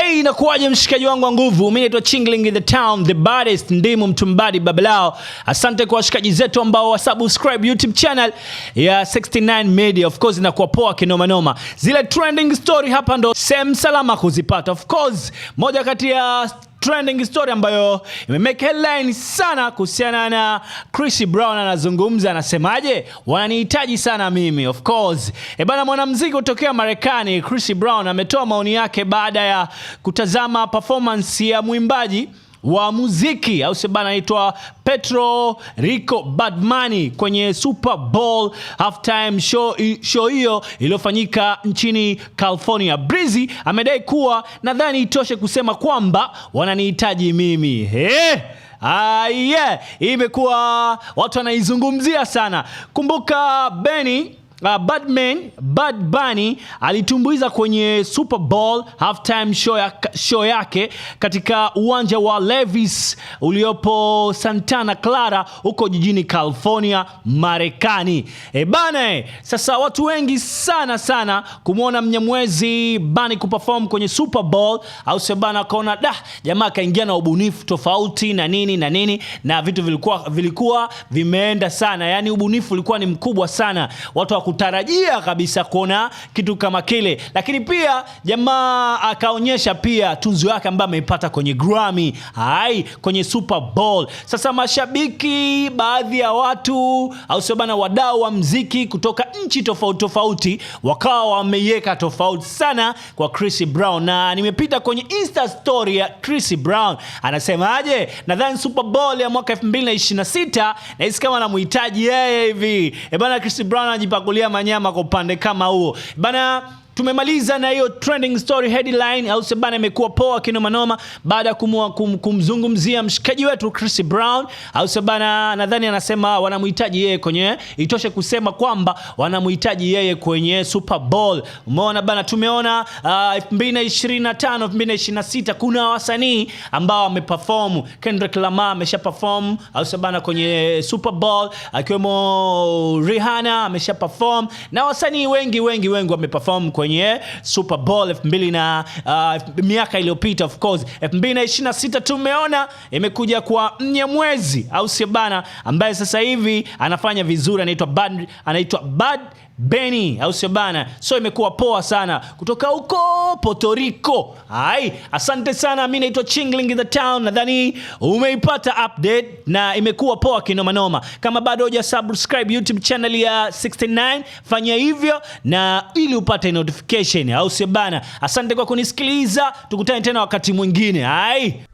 Hey, inakuwaje mshikaji wangu wa nguvu? Mimi naitwa Chingling in the town, the baddest ndimu mtumbadi babalao. Asante kwa washikaji zetu ambao wasubscribe YouTube channel ya 69 Media. Of course inakuwa poa kinoma noma. Zile trending story hapa ndo same salama kuzipata. Of course, moja kati ya trending story ambayo imemake headline sana kuhusiana na Chris Brown. Anazungumza, anasemaje? wananihitaji sana mimi. Of course e bana, mwanamuziki kutokea Marekani Chris Brown ametoa maoni yake baada ya kutazama performance ya mwimbaji wa muziki au sio bana, anaitwa Petro Rico Badmani kwenye Super Bowl halftime show, show hiyo iliyofanyika nchini California. Breezy amedai kuwa nadhani itoshe kusema kwamba wananihitaji mimi. He? Eh, ah, yeah. Imekuwa watu wanaizungumzia sana. Kumbuka Beni uh, Batman Bad Bunny alitumbuiza kwenye Super Bowl halftime show, ya, show yake katika uwanja wa Levi's uliopo Santana Clara huko jijini California, Marekani. E bana, eh, sasa watu wengi sana sana kumwona Mnyamwezi Bunny kuperform kwenye Super Bowl, au sio bana? Akaona da jamaa kaingia na ubunifu tofauti na nini na nini na vitu vilikuwa vilikuwa vimeenda sana, yani ubunifu ulikuwa ni mkubwa sana watu hawakutarajia kabisa kuona kitu kama kile, lakini pia jamaa akaonyesha pia tunzo yake ambayo ameipata kwenye Grammy, hai kwenye Super Bowl. Sasa mashabiki, baadhi ya watu au sio bana, wadau wa mziki kutoka nchi tofauti tofauti wakawa wameiweka tofauti sana kwa Chris Brown, na nimepita kwenye Insta story ya Chris Brown anasemaje, nadhani Super Bowl ya mwaka 2026 nahisi kama anamhitaji yeye hivi. E bana, Chris Brown anajipakulia kununulia manyama kwa upande kama huo bana. Tumemaliza na hiyo trending story headline, au sebana, imekuwa poa kinomanoma baada ya kum, kumzungumzia mshikaji wetu Chris Brown, au sebana, nadhani anasema wanamhitaji yeye kwenye, itoshe kusema kwamba wanamhitaji yeye kwenye Super Bowl. Umeona bana, tumeona uh, 2025 2026 kuna wasanii ambao wameperform. Kendrick Lamar amesha perform, au sebana, kwenye Super Bowl, akiwemo Rihanna amesha perform na wasanii wengi wengi wengi wameperform kwenye kwenye Super Bowl 2000 na uh, miaka iliyopita of course na 2026 tumeona imekuja kwa Mnyamwezi au sio bana, ambaye sasa hivi anafanya vizuri, anaitwa Bad, anaitwa Bad Benny au sio bana, so imekuwa poa sana kutoka huko Puerto Rico. Hai, asante sana, mimi naitwa Chingling in the town. Nadhani umeipata update na imekuwa poa kinoma noma. Kama bado huja subscribe YouTube channel ya 69 fanya hivyo na ili upate notification notification, au sio bana? Asante kwa kunisikiliza, tukutane tena wakati mwingine. ai